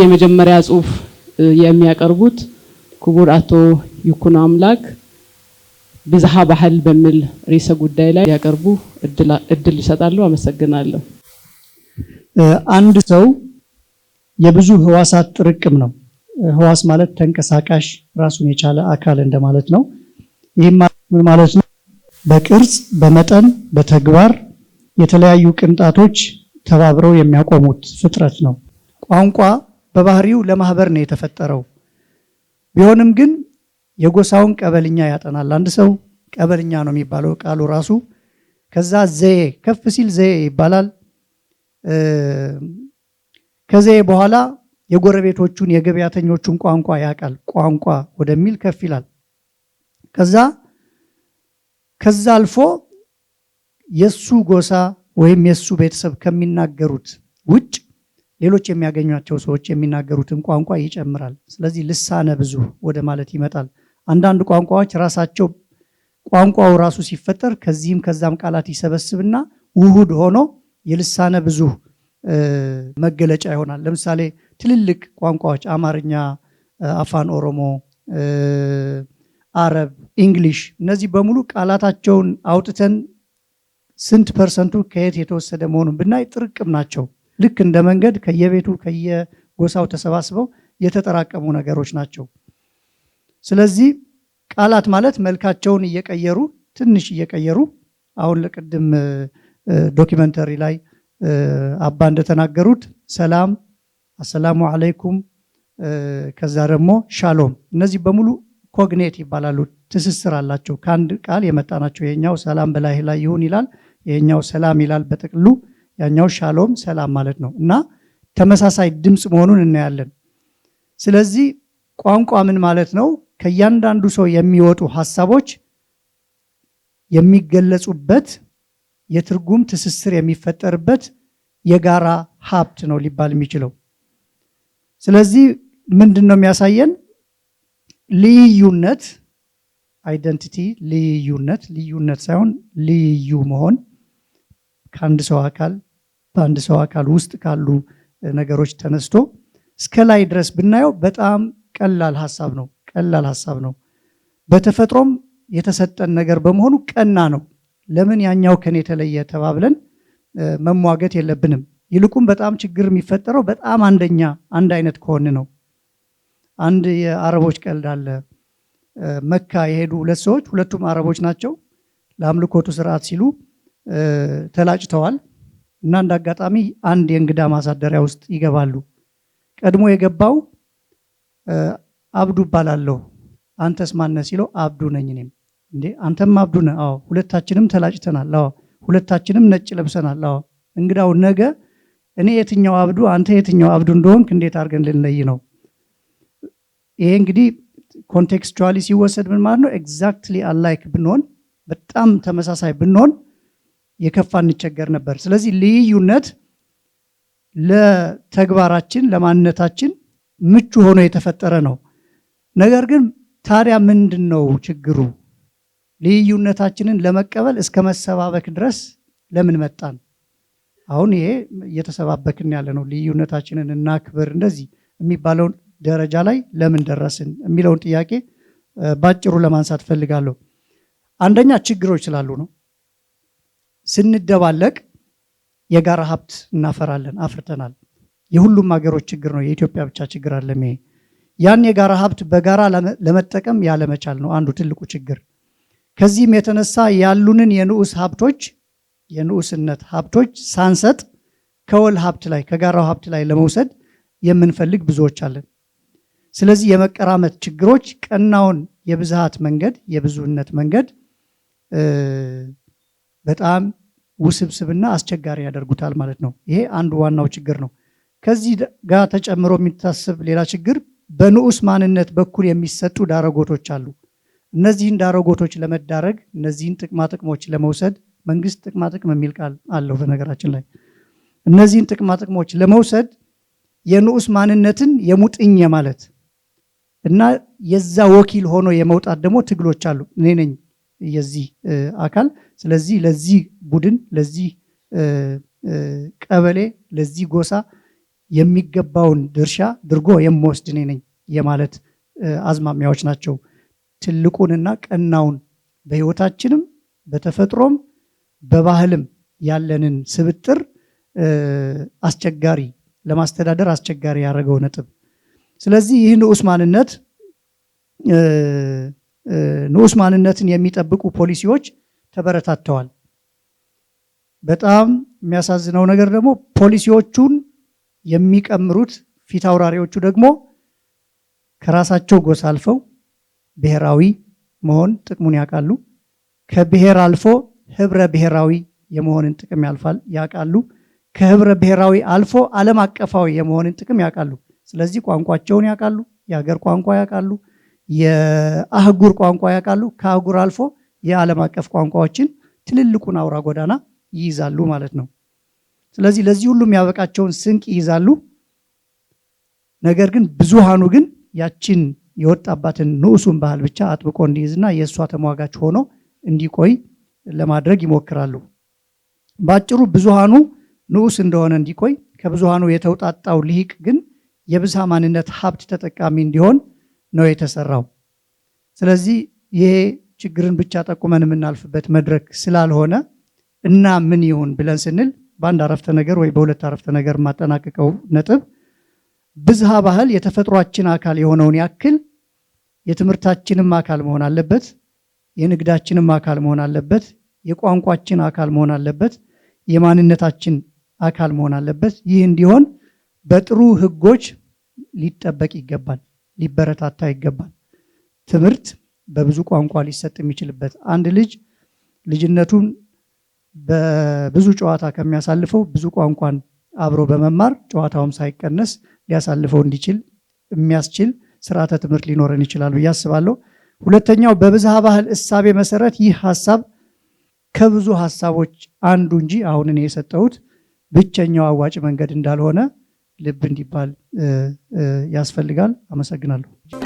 የመጀመሪያ ጽሁፍ የሚያቀርቡት ክቡር አቶ ይኩኖ አምላክ ብዝሃ ባህል በሚል ርዕሰ ጉዳይ ላይ ያቀርቡ እድል ይሰጣሉ። አመሰግናለሁ። አንድ ሰው የብዙ ህዋሳት ጥርቅም ነው። ህዋስ ማለት ተንቀሳቃሽ ራሱን የቻለ አካል እንደማለት ነው። ይህም ማለት ነው በቅርጽ፣ በመጠን፣ በተግባር የተለያዩ ቅንጣቶች ተባብረው የሚያቆሙት ፍጥረት ነው። ቋንቋ በባህሪው ለማህበር ነው የተፈጠረው። ቢሆንም ግን የጎሳውን ቀበልኛ ያጠናል። አንድ ሰው ቀበልኛ ነው የሚባለው ቃሉ ራሱ። ከዛ ዘዬ ከፍ ሲል ዘዬ ይባላል። ከዘዬ በኋላ የጎረቤቶቹን የገበያተኞቹን ቋንቋ ያውቃል ቋንቋ ወደሚል ከፍ ይላል። ከዛ ከዛ አልፎ የሱ ጎሳ ወይም የሱ ቤተሰብ ከሚናገሩት ውጭ ሌሎች የሚያገኟቸው ሰዎች የሚናገሩትን ቋንቋ ይጨምራል። ስለዚህ ልሳነ ብዙ ወደ ማለት ይመጣል። አንዳንድ ቋንቋዎች ራሳቸው ቋንቋው ራሱ ሲፈጠር ከዚህም ከዛም ቃላት ይሰበስብና ውሁድ ሆኖ የልሳነ ብዙ መገለጫ ይሆናል። ለምሳሌ ትልልቅ ቋንቋዎች አማርኛ፣ አፋን ኦሮሞ፣ አረብ፣ እንግሊሽ እነዚህ በሙሉ ቃላታቸውን አውጥተን ስንት ፐርሰንቱ ከየት የተወሰደ መሆኑን ብናይ ጥርቅም ናቸው። ልክ እንደ መንገድ ከየቤቱ ከየጎሳው ተሰባስበው የተጠራቀሙ ነገሮች ናቸው። ስለዚህ ቃላት ማለት መልካቸውን እየቀየሩ ትንሽ እየቀየሩ አሁን ለቅድም ዶኪመንተሪ ላይ አባ እንደተናገሩት ሰላም፣ አሰላሙ አለይኩም ከዛ ደግሞ ሻሎም እነዚህ በሙሉ ኮግኔት ይባላሉ። ትስስር አላቸው። ከአንድ ቃል የመጣ ናቸው። ይሄኛው ሰላም በላይ ላይ ይሁን ይላል፣ ይሄኛው ሰላም ይላል በጥቅሉ ያኛው ሻሎም ሰላም ማለት ነው እና ተመሳሳይ ድምፅ መሆኑን እናያለን። ስለዚህ ቋንቋ ምን ማለት ነው? ከእያንዳንዱ ሰው የሚወጡ ሀሳቦች የሚገለጹበት የትርጉም ትስስር የሚፈጠርበት የጋራ ሀብት ነው ሊባል የሚችለው። ስለዚህ ምንድን ነው የሚያሳየን? ልዩነት አይደንቲቲ፣ ልዩነት ልዩነት ሳይሆን ልዩ መሆን ከአንድ ሰው አካል በአንድ ሰው አካል ውስጥ ካሉ ነገሮች ተነስቶ እስከ ላይ ድረስ ብናየው በጣም ቀላል ሀሳብ ነው። ቀላል ሀሳብ ነው። በተፈጥሮም የተሰጠን ነገር በመሆኑ ቀና ነው። ለምን ያኛው ከኔ የተለየ ተባብለን መሟገት የለብንም። ይልቁም በጣም ችግር የሚፈጠረው በጣም አንደኛ አንድ አይነት ከሆን ነው። አንድ የአረቦች ቀልድ አለ። መካ የሄዱ ሁለት ሰዎች ሁለቱም አረቦች ናቸው። ለአምልኮቱ ስርዓት ሲሉ ተላጭተዋል እና እንደ አጋጣሚ አንድ የእንግዳ ማሳደሪያ ውስጥ ይገባሉ። ቀድሞ የገባው አብዱ እባላለሁ አንተስ ማነ ሲለው አብዱ ነኝ እኔም። እንዴ አንተም አብዱ ነህ? አዎ። ሁለታችንም ተላጭተናል። አዎ። ሁለታችንም ነጭ ለብሰናል። አዎ። እንግዳው ነገ እኔ የትኛው አብዱ አንተ የትኛው አብዱ እንደሆንክ እንዴት አድርገን ልንለይ ነው? ይሄ እንግዲህ ኮንቴክስቹዋሊ ሲወሰድ ምን ማለት ነው? ኤግዛክትሊ አላይክ ብንሆን፣ በጣም ተመሳሳይ ብንሆን የከፋ እንቸገር ነበር። ስለዚህ ልዩነት ለተግባራችን ለማንነታችን ምቹ ሆኖ የተፈጠረ ነው። ነገር ግን ታዲያ ምንድን ነው ችግሩ? ልዩነታችንን ለመቀበል እስከ መሰባበክ ድረስ ለምን መጣን? አሁን ይሄ እየተሰባበክን ያለ ነው። ልዩነታችንን እናክብር እንደዚህ የሚባለውን ደረጃ ላይ ለምን ደረስን የሚለውን ጥያቄ ባጭሩ ለማንሳት ፈልጋለሁ። አንደኛ ችግሮች ስላሉ ነው። ስንደባለቅ የጋራ ሀብት እናፈራለን። አፍርተናል። የሁሉም ሀገሮች ችግር ነው። የኢትዮጵያ ብቻ ችግር አለም። ያን የጋራ ሀብት በጋራ ለመጠቀም ያለመቻል ነው አንዱ ትልቁ ችግር። ከዚህም የተነሳ ያሉንን የንዑስ ሀብቶች የንዑስነት ሀብቶች ሳንሰጥ ከወል ሀብት ላይ ከጋራው ሀብት ላይ ለመውሰድ የምንፈልግ ብዙዎች አለን። ስለዚህ የመቀራመት ችግሮች ቀናውን የብዝሃት መንገድ የብዙነት መንገድ በጣም ውስብስብና አስቸጋሪ ያደርጉታል ማለት ነው። ይሄ አንዱ ዋናው ችግር ነው። ከዚህ ጋር ተጨምሮ የሚታሰብ ሌላ ችግር በንዑስ ማንነት በኩል የሚሰጡ ዳረጎቶች አሉ። እነዚህን ዳረጎቶች ለመዳረግ እነዚህን ጥቅማ ጥቅሞች ለመውሰድ መንግስት ጥቅማ ጥቅም የሚል ቃል አለው በነገራችን ላይ እነዚህን ጥቅማ ጥቅሞች ለመውሰድ የንዑስ ማንነትን የሙጥኝ ማለት እና የዛ ወኪል ሆኖ የመውጣት ደግሞ ትግሎች አሉ። እኔ ነኝ የዚህ አካል። ስለዚህ ለዚህ ቡድን፣ ለዚህ ቀበሌ፣ ለዚህ ጎሳ የሚገባውን ድርሻ ድርጎ የምወስድ እኔ ነኝ የማለት አዝማሚያዎች ናቸው። ትልቁንና ቀናውን በህይወታችንም በተፈጥሮም በባህልም ያለንን ስብጥር አስቸጋሪ ለማስተዳደር አስቸጋሪ ያደረገው ነጥብ። ስለዚህ ይህን ንዑስ ማንነት ንዑስ ማንነትን የሚጠብቁ ፖሊሲዎች ተበረታተዋል። በጣም የሚያሳዝነው ነገር ደግሞ ፖሊሲዎቹን የሚቀምሩት ፊት አውራሪዎቹ ደግሞ ከራሳቸው ጎሳ አልፈው ብሔራዊ መሆን ጥቅሙን ያውቃሉ። ከብሔር አልፎ ህብረ ብሔራዊ የመሆንን ጥቅም ያልፋል ያውቃሉ። ከህብረ ብሔራዊ አልፎ ዓለም አቀፋዊ የመሆንን ጥቅም ያውቃሉ። ስለዚህ ቋንቋቸውን ያውቃሉ፣ የሀገር ቋንቋ ያውቃሉ። የአህጉር ቋንቋ ያውቃሉ። ከአህጉር አልፎ የዓለም አቀፍ ቋንቋዎችን ትልልቁን አውራ ጎዳና ይይዛሉ ማለት ነው። ስለዚህ ለዚህ ሁሉም ያበቃቸውን ስንቅ ይይዛሉ። ነገር ግን ብዙሃኑ ግን ያችን የወጣባትን ንዑሱን ባህል ብቻ አጥብቆ እንዲይዝና የእሷ ተሟጋች ሆኖ እንዲቆይ ለማድረግ ይሞክራሉ። በአጭሩ ብዙሃኑ ንዑስ እንደሆነ እንዲቆይ ከብዙሃኑ የተውጣጣው ልሂቅ ግን የብዝሃ ማንነት ሀብት ተጠቃሚ እንዲሆን ነው የተሰራው። ስለዚህ ይሄ ችግርን ብቻ ጠቁመን የምናልፍበት መድረክ ስላልሆነ እና ምን ይሁን ብለን ስንል በአንድ አረፍተ ነገር ወይ በሁለት አረፍተ ነገር የማጠናቀቀው ነጥብ ብዝሃ ባህል የተፈጥሯችን አካል የሆነውን ያክል የትምህርታችንም አካል መሆን አለበት፣ የንግዳችንም አካል መሆን አለበት፣ የቋንቋችን አካል መሆን አለበት፣ የማንነታችን አካል መሆን አለበት። ይህ እንዲሆን በጥሩ ህጎች ሊጠበቅ ይገባል። ሊበረታታ ይገባል። ትምህርት በብዙ ቋንቋ ሊሰጥ የሚችልበት አንድ ልጅ ልጅነቱን በብዙ ጨዋታ ከሚያሳልፈው ብዙ ቋንቋን አብሮ በመማር ጨዋታውም ሳይቀነስ ሊያሳልፈው እንዲችል የሚያስችል ስርዓተ ትምህርት ሊኖረን ይችላል ብዬ አስባለሁ። ሁለተኛው በብዝሃ ባህል እሳቤ መሰረት ይህ ሀሳብ ከብዙ ሀሳቦች አንዱ እንጂ አሁን እኔ የሰጠሁት ብቸኛው አዋጭ መንገድ እንዳልሆነ ልብ እንዲባል ያስፈልጋል። አመሰግናለሁ።